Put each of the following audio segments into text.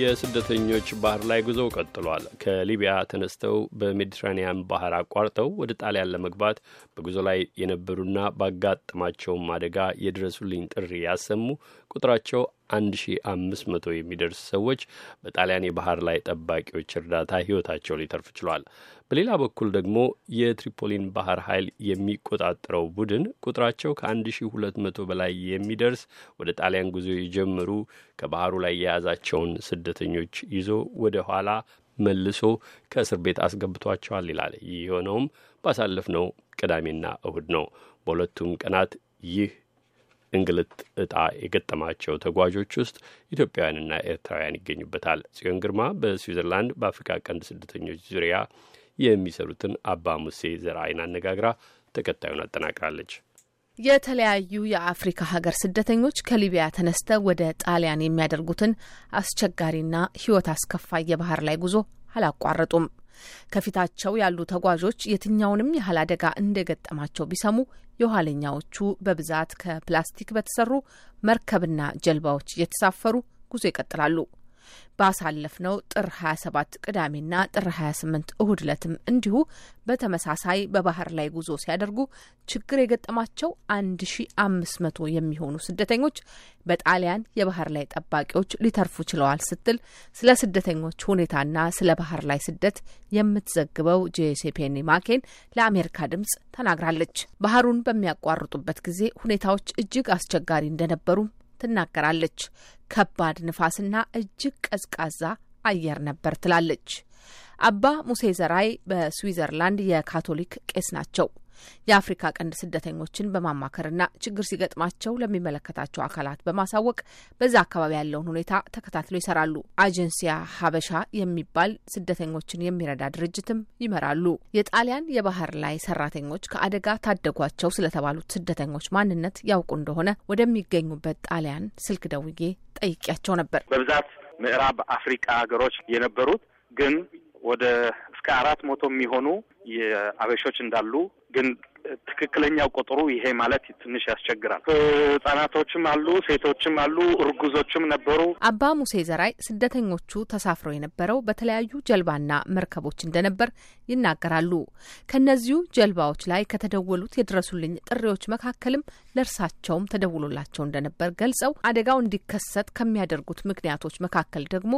የስደተኞች ባህር ላይ ጉዞ ቀጥሏል። ከሊቢያ ተነስተው በሜዲትራኒያን ባህር አቋርጠው ወደ ጣሊያን ለመግባት በጉዞ ላይ የነበሩና ባጋጠማቸውም አደጋ የድረሱልኝ ጥሪ ያሰሙ ቁጥራቸው 1500 የሚደርስ ሰዎች በጣሊያን የባህር ላይ ጠባቂዎች እርዳታ ሕይወታቸው ሊተርፍ ችሏል። በሌላ በኩል ደግሞ የትሪፖሊን ባህር ኃይል የሚቆጣጠረው ቡድን ቁጥራቸው ከ1200 በላይ የሚደርስ ወደ ጣሊያን ጉዞ የጀመሩ ከባህሩ ላይ የያዛቸውን ስደተኞች ይዞ ወደ ኋላ መልሶ ከእስር ቤት አስገብቷቸዋል ይላል። ይህ የሆነውም ባሳለፍነው ቅዳሜና እሁድ ነው። በሁለቱም ቀናት ይህ እንግልት እጣ የገጠማቸው ተጓዦች ውስጥ ኢትዮጵያውያንና ኤርትራውያን ይገኙበታል። ጽዮን ግርማ በስዊዘርላንድ በአፍሪካ ቀንድ ስደተኞች ዙሪያ የሚሰሩትን አባ ሙሴ ዘርአይን አነጋግራ ተከታዩን አጠናቅራለች። የተለያዩ የአፍሪካ ሀገር ስደተኞች ከሊቢያ ተነስተው ወደ ጣሊያን የሚያደርጉትን አስቸጋሪና ሕይወት አስከፋይ የባህር ላይ ጉዞ አላቋረጡም። ከፊታቸው ያሉ ተጓዦች የትኛውንም ያህል አደጋ እንደገጠማቸው ቢሰሙ የኋለኛዎቹ በብዛት ከፕላስቲክ በተሰሩ መርከብና ጀልባዎች እየተሳፈሩ ጉዞ ይቀጥላሉ። ባሳለፍነው ጥር 27 ቅዳሜና ጥር 28 እሁድ ለትም እንዲሁ በተመሳሳይ በባህር ላይ ጉዞ ሲያደርጉ ችግር የገጠማቸው 1500 የሚሆኑ ስደተኞች በጣሊያን የባህር ላይ ጠባቂዎች ሊተርፉ ችለዋል ስትል ስለ ስደተኞች ሁኔታና ስለ ባህር ላይ ስደት የምትዘግበው ጄሴፔኒ ማኬን ለአሜሪካ ድምጽ ተናግራለች። ባህሩን በሚያቋርጡበት ጊዜ ሁኔታዎች እጅግ አስቸጋሪ እንደነበሩም ትናገራለች። ከባድ ንፋስና እጅግ ቀዝቃዛ አየር ነበር ትላለች። አባ ሙሴ ዘራይ በስዊዘርላንድ የካቶሊክ ቄስ ናቸው። የአፍሪካ ቀንድ ስደተኞችን በማማከርና ችግር ሲገጥማቸው ለሚመለከታቸው አካላት በማሳወቅ በዛ አካባቢ ያለውን ሁኔታ ተከታትለው ይሰራሉ። አጀንሲያ ሀበሻ የሚባል ስደተኞችን የሚረዳ ድርጅትም ይመራሉ። የጣሊያን የባህር ላይ ሰራተኞች ከአደጋ ታደጓቸው ስለተባሉት ስደተኞች ማንነት ያውቁ እንደሆነ ወደሚገኙበት ጣሊያን ስልክ ደውዬ ጠይቄያቸው ነበር። በብዛት ምዕራብ አፍሪካ ሀገሮች የነበሩት ግን ወደ እስከ አራት መቶ የሚሆኑ የአበሾች እንዳሉ ግን ትክክለኛ ቁጥሩ ይሄ ማለት ትንሽ ያስቸግራል። ህጻናቶችም አሉ፣ ሴቶችም አሉ፣ እርጉዞችም ነበሩ። አባ ሙሴ ዘራይ ስደተኞቹ ተሳፍረው የነበረው በተለያዩ ጀልባና መርከቦች እንደነበር ይናገራሉ። ከእነዚሁ ጀልባዎች ላይ ከተደወሉት የድረሱልኝ ጥሪዎች መካከልም ለእርሳቸውም ተደውሎላቸው እንደነበር ገልጸው አደጋው እንዲከሰት ከሚያደርጉት ምክንያቶች መካከል ደግሞ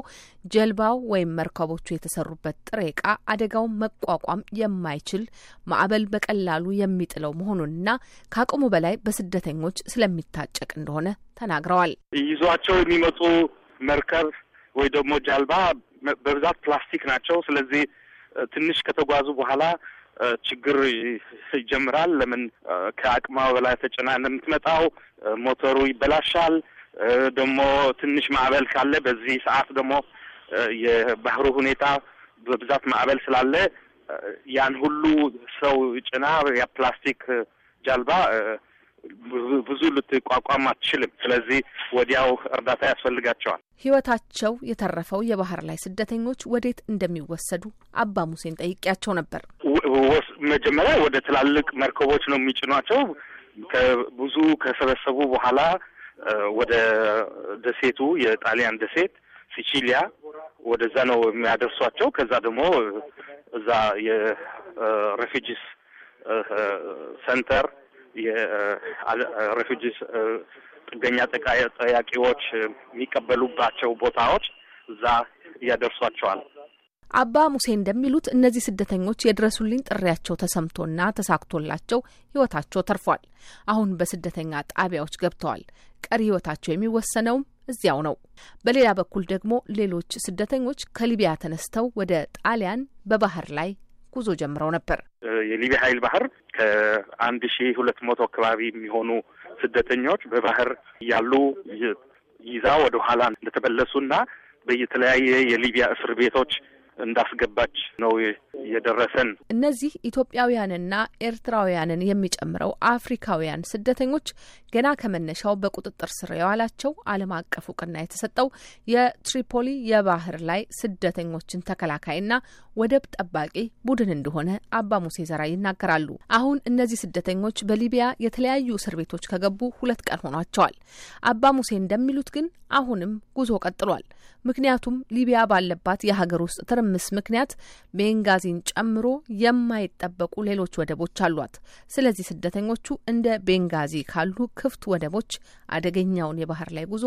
ጀልባው ወይም መርከቦቹ የተሰሩበት ጥሬ ዕቃ አደጋውን መቋቋም የማይችል ማዕበል በቀላሉ የሚ ስለሚጥለው መሆኑንና ከአቅሙ በላይ በስደተኞች ስለሚታጨቅ እንደሆነ ተናግረዋል። ይዟቸው የሚመጡ መርከብ ወይ ደግሞ ጃልባ በብዛት ፕላስቲክ ናቸው። ስለዚህ ትንሽ ከተጓዙ በኋላ ችግር ይጀምራል። ለምን ከአቅማ በላይ ተጭና እንደምትመጣው ሞተሩ ይበላሻል። ደግሞ ትንሽ ማዕበል ካለ በዚህ ሰዓት ደግሞ የባህሩ ሁኔታ በብዛት ማዕበል ስላለ ያን ሁሉ ሰው ጭና የፕላስቲክ ጀልባ ብዙ ልትቋቋም አትችልም። ስለዚህ ወዲያው እርዳታ ያስፈልጋቸዋል። ህይወታቸው የተረፈው የባህር ላይ ስደተኞች ወዴት እንደሚወሰዱ አባ ሙሴን ጠይቄያቸው ነበር። መጀመሪያ ወደ ትላልቅ መርከቦች ነው የሚጭኗቸው። ብዙ ከሰበሰቡ በኋላ ወደ ደሴቱ የጣሊያን ደሴት ሲቺሊያ ወደዛ ነው የሚያደርሷቸው። ከዛ ደግሞ እዛ የሬፊጂስ ሰንተር የሬፊጂስ ጥገኛ ጠያቂዎች የሚቀበሉባቸው ቦታዎች እዛ እያደርሷቸዋል። አባ ሙሴ እንደሚሉት እነዚህ ስደተኞች የድረሱልኝ ጥሪያቸው ተሰምቶና ተሳክቶላቸው ህይወታቸው ተርፏል። አሁን በስደተኛ ጣቢያዎች ገብተዋል። ቀሪ ህይወታቸው የሚወሰነውም እዚያው ነው። በሌላ በኩል ደግሞ ሌሎች ስደተኞች ከሊቢያ ተነስተው ወደ ጣሊያን በባህር ላይ ጉዞ ጀምረው ነበር። የሊቢያ ኃይል ባህር ከአንድ ሺ ሁለት መቶ አካባቢ የሚሆኑ ስደተኞች በባህር ያሉ ይዛ ወደ ኋላ እንደተመለሱና በየተለያየ የሊቢያ እስር ቤቶች እንዳስገባች ነው እየደረሰን ነው። እነዚህ ኢትዮጵያውያንና ኤርትራውያንን የሚጨምረው አፍሪካውያን ስደተኞች ገና ከመነሻው በቁጥጥር ስር የዋላቸው ዓለም አቀፍ እውቅና የተሰጠው የትሪፖሊ የባህር ላይ ስደተኞችን ተከላካይና ወደብ ጠባቂ ቡድን እንደሆነ አባ ሙሴ ዘራ ይናገራሉ። አሁን እነዚህ ስደተኞች በሊቢያ የተለያዩ እስር ቤቶች ከገቡ ሁለት ቀን ሆኗቸዋል። አባ ሙሴ እንደሚሉት ግን አሁንም ጉዞ ቀጥሏል። ምክንያቱም ሊቢያ ባለባት የሀገር ውስጥ ትርምስ ምክንያት ቤንጋዚ ቤንጋዚን ጨምሮ የማይጠበቁ ሌሎች ወደቦች አሏት። ስለዚህ ስደተኞቹ እንደ ቤንጋዚ ካሉ ክፍት ወደቦች አደገኛውን የባህር ላይ ጉዞ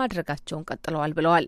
ማድረጋቸውን ቀጥለዋል ብለዋል።